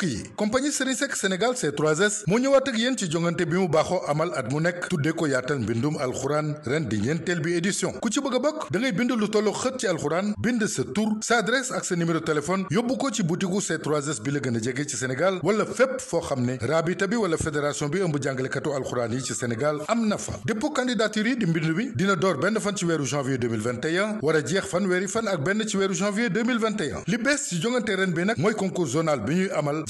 mbokk yi compagnie Sénégal c 3 moo ñëwaat ak yéen ci jongante bi mu baaxoo amal at mu nekk tuddee ko yaatal mbindum alxuraan ren di ñeenteel bi édition ku ci bëgg a bokk da ngay bind lu tollu xët ci alxuraan bind sa tur sa adresse ak sa numéro téléphone yóbbu ko ci butiku c 3 bi la gën a jege ci Sénégal wala fépp foo xam ne raabita bi wala fédération bi ëmb jàngalekatu alxuraan yi ci Sénégal am na fa dépôt candidature yi di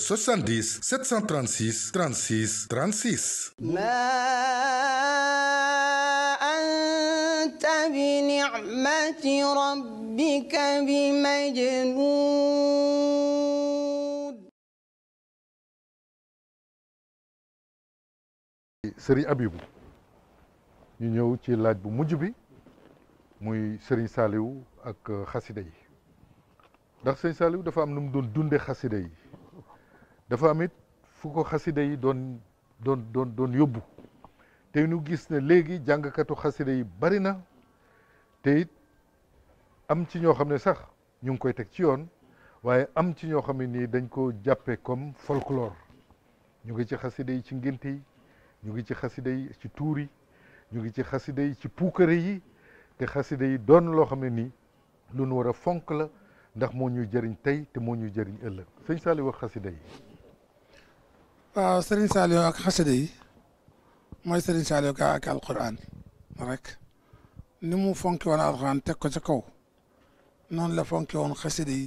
70 736 36 36. sëriñ Abibu ñu ñëw ci laaj bu mujj bi muy sëriñ Saaliw ak xasida yi ndax sëriñ dafa am nu mu doon dunde xasida yi dafa am it fu ko xasida yi doon doon doon doon yóbbu te nu gis ne léegi jàngkatu xasida yi bari na te it am ci ñoo xam ne sax ñu ngi koy teg ci yoon waaye am ci ñoo xam ne nii dañ ko jàppe comme folklore ñu ngi ci xasida yi ci ngénte yi ñu ngi ci xasida yi ci tuur yi ñu ngi ci xasida yi ci puukare yi te xasida yi doon loo xam ne nii lu nu war a fonk la ndax moo ñu jëriñ tey te moo ñu jëriñ ëllëg sëñ Saali wax xasida yi waaw Serigne Saliou ak xasida mooy Serigne Saliou Ka ak rek ni mu fonki woon alquran teg ko ca kaw noonu la fonke woon xasida yi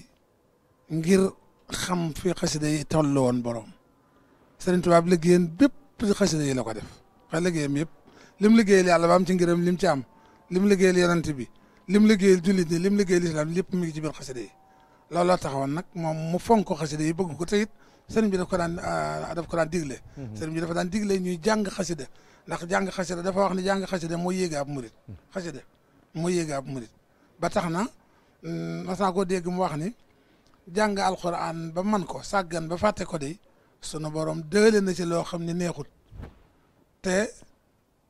ngir xam fi xasida yi toll woon borom Serigne Touba liggéeyam bépp ci xasida yi la ko def xay liggéeyam yëpp lim liggéeyal yàlla ba am ci ngërëm lim ci am lim liggéeyal yonent bi lim liggéeyal jullit ni lim liggéeyal islam lépp mu ngi ci biir xasida yi looloo taxawoon nag moom mu fonko xasida yi bëgg ko te sëriñ bi daf ko daan ah, daf ko daan digle mhm. sëriñ bi dafa daan digle ñuy jàng xasida ndax jàng xasida dafa wax ne jàng xasida moo yéega ab murit mhm. xasida moo yéega ab ba tax na mm, mas naa koo mu wax ni jàng alquran ba man ko sàggan ba fàtte ko de sunu borom dële na ci loo xam ne neexut te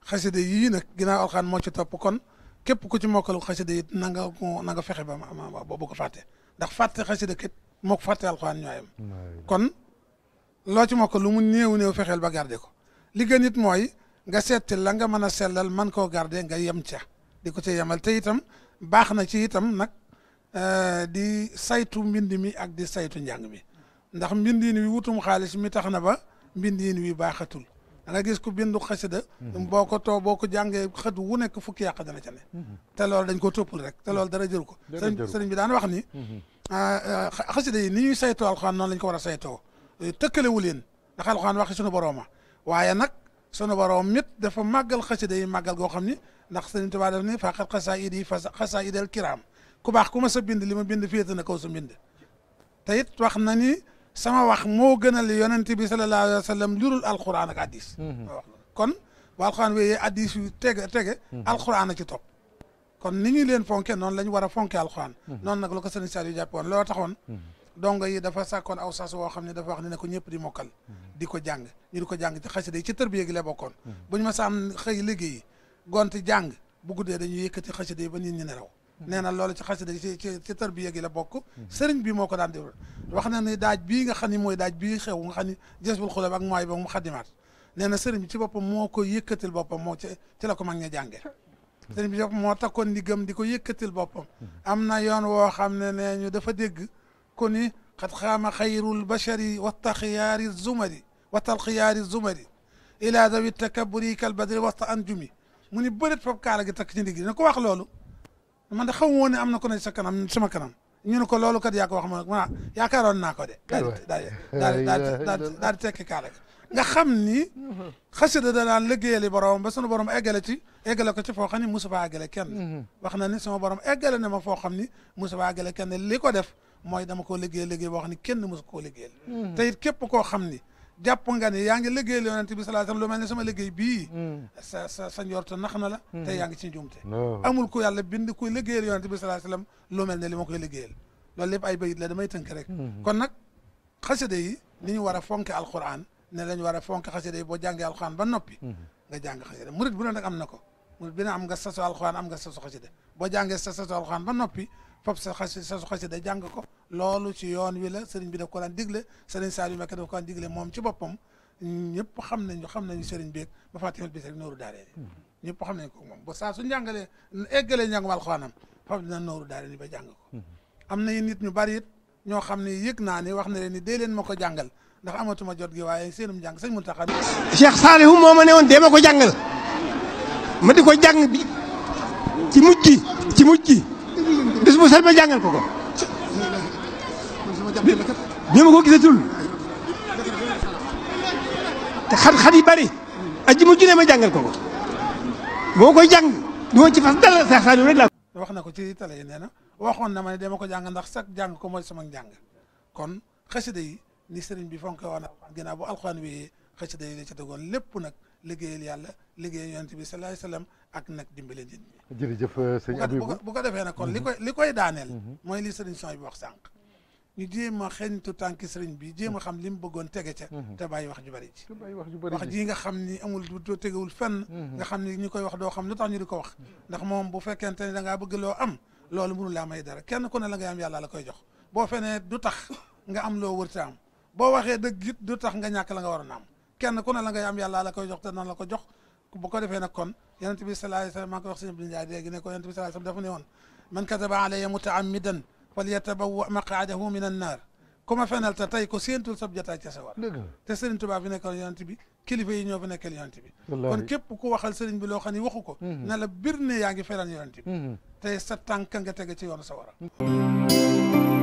xasida yii nag ginnaaw alquran moo ci topp kon képp ku ci mokkal xasida yi na nga ko na nga fexe ba ma bu ko fàtte ndax fàtte xasida kat moo ko fàtte alquran ñooyam kon loo ci mokk lu mu néew néew fexeel ba garde ko li it mooy nga seetti la nga mën a sellal man koo garde nga yem ca di ko ca yemal te itam baax na ci itam nag euh, di saytu mbind mi ak di saytu njàng mi ndax mbindiin wi wutum xaalis mi tax na ba yin wi baaxatul da nga gis ku bindu xasida mhm. boo ko too boo ko jàngee xët wu nekk fukki yàq dana ca ne mhm. te loolu dañ ko toppul rek te loolu dara jëru ko sëriñ bi daan wax ni mhm. euh, euh, xasida yi ni ñuy saytoo alxuraan noonu lañ ko war a saytoo tëkkalewu leen ndax alxuraan waxi sunu borooma waaye nag sunu boroom mit dafa màggal xasida yi màggal goo xam ni ndax Sëriñ Tuubaa daf ni faqat xasaayid yi xasaayid al kiraam ku baax ku ma sa bind li ma bind féete kaw sa te it wax na ni sama wax moo gënal yonent bi sallallahu alayhi wa sallam lurul alxuraan ak addis mhm. kon bu alxuraan wéyee addis yu tege tege mhm. alxuraan a ci topp kon ni ñu leen fonke noonu la ñu war a fonke alxuraan mhm. noonu nag la ko sëriñ Saliou jàppe loo taxoon dongo yi dafa sàkkoon aw sas woo xam ne dafa wax ne ne ko ñëpp di mokkal mm-hmm. di ko jàng ñu di ko jàng ci xasida yi ci tërbiya gi la bokkoon mm-hmm. bu ñu ma saan xëy liggéeyi gonti jàng bu guddee dañuy yëkkati xasida yi ba nit ñi neraw mm-hmm. nee na loolu ci xasida day ci ci ci tërbiya gi la bokk sëriñ bi moo ko daan def wax na ne daaj bii nga xam ne mooy daaj bii xew nga xam ne jësbul xulab ak mooy ba mu xadimaat nee na sëriñ bi ci boppam moo ko yëkkatil boppam moo ci ci la ko man ña jàngee sëriñ bi ci boppam moo takkoon ndigam di ko yëkkatil boppam am na yoon woo xam ne nee ñu dafa dégg yakuni qad xaama xayru lbashari wattaxiyaari zumari wattalxiyaari zumari ila dawi takaburi kal badri wasta anjumi mu ni bërit fab kaala gi takk ci ndigg ne ko wax loolu man de xamu woon ne am na ko ne sa kanam sama kanam ñu ne ko loolu kat yaa ko wax ma ma yaakaaroon naa ko de daal di daal di daal di tekki nga xam ni mhm. xasida da daan liggéeyali borom ba sunu borom eggale ci ko ci foo xam ni musu faa eggale kenn mhm. wax na ni sama borom eggale ne ma foo xam ni musu faa eggale kenn li ko def mooy dama koo liggéey liggéey boo xam ne kenn mosu koo liggéeyal hmm. te it képp koo xam ni jàpp nga ne yaa ngi liggéeyal yonent bi sallallahu alayhi wasallam lu mel ne sama liggéey bii hmm. sa sa sa njorto nax na la te hmm. yaa ngi ci njuumte amul ku yàlla bind kuy liggéeyal yonent bi sallallahu alayhi wasallam lu mel ne li ma koy liggéeyal loolu lépp ay bayit la damay tënk rek kon nag xasida yi ni ñu war a fonke alquran ne lañ war a fonk xasida yi boo jàngee alquran ba noppi nga jàng xasida murit bu ne nag am na ko murit bi ne am nga sasu alquran am nga sasu xasida boo jàngee sa sasu alquran ba noppi fop sa xasi sa su xasida jàng ko loolu ci yoon wi la sëriñ bi daf ko daan digle sëriñ Saliou Mbacké daf ko daan digle moom ci boppam ñëpp xam nañu xam nañu sëriñ beeg ba fàttali bis rek nooru daaree ni xam nañ ko moom ba saa su njàngalee eggalee njàngum alxuraanam faf dina nooru daaree ni ba jàng ko am na nit ñu bari it ñoo xam ne yëg naa ne wax na leen ni dee leen ma ko jàngal ndax amatuma jot gi waaye seenum jàng sëñ Muntaxa Cheikh Saliou moo ma ne woon dee ma ko jàngal ma di ko jàng bi ci mujj ci bis bu set ma jàngal ko ko. bi ma ko gisatul. te xat xat yi bari. aji mu junee ma jàngal ko ko. boo koy jàng du ma ci fas wax na ko ci télé yi nee na waxoon na ma ne dama ko jàng ndax sax jàng ko mooy sama jàng kon xasida yi ni sëriñ bi fonk woon ginnaaw bu alxuraan wi xasida yi lépp nag liggéeyal yàlla liggéeyal yonent bi sallallahu alayhi wasallam ak nag dimbale nit ñi. jërëjëf euh, sëñ Abibou bu ko bu ko defee nag kon li mhm. koy li koy daaneel. Mhm. mooy li sëriñ son bi wax sànq. ñu jéem a xeñtu tànki sëriñ bi jéem a xam li mu bëggoon tege ca. Mhm. te bàyyi wax ju bari ci. wax ju bari ci ji nga xam ni amul du tegewul fenn. nga xam ni ñu koy wax doo xam lu tax ñu di ko wax. ndax moom bu fekkente ne da ngaa bëgg loo am loolu mënu laa may dara kenn ku ne la nga am yàlla la koy jox boo fenee du tax nga am loo wërta am boo waxee dëgg it du tax nga ñàkk la nga waroon am kenn ku ne la ngay am yàlla la koy jox te nan la ko jox bu ko defee nag kon yonent bi sallallahu alayhi wasallam maa ngi koy wax sëñ Abdou Ndiaye léegi ne ko yonent bi sallallahu alayhi woon man kataba alayya mutaammidan falyatabawa maqaadahu min annaar ku ma fenal te tey ko séentul sab jotaay ca sawar te Serigne Touba fi nekkoon yonent bi kilifa yi ñoo fi nekkal yonent bi kon képp ku waxal Serigne bi loo xam ne waxu ko mm-hmm. na la bir ne yaa ngi fenal yonent bi mm-hmm. te sa tànk nga teg ci yoonu sawara mm-hmm.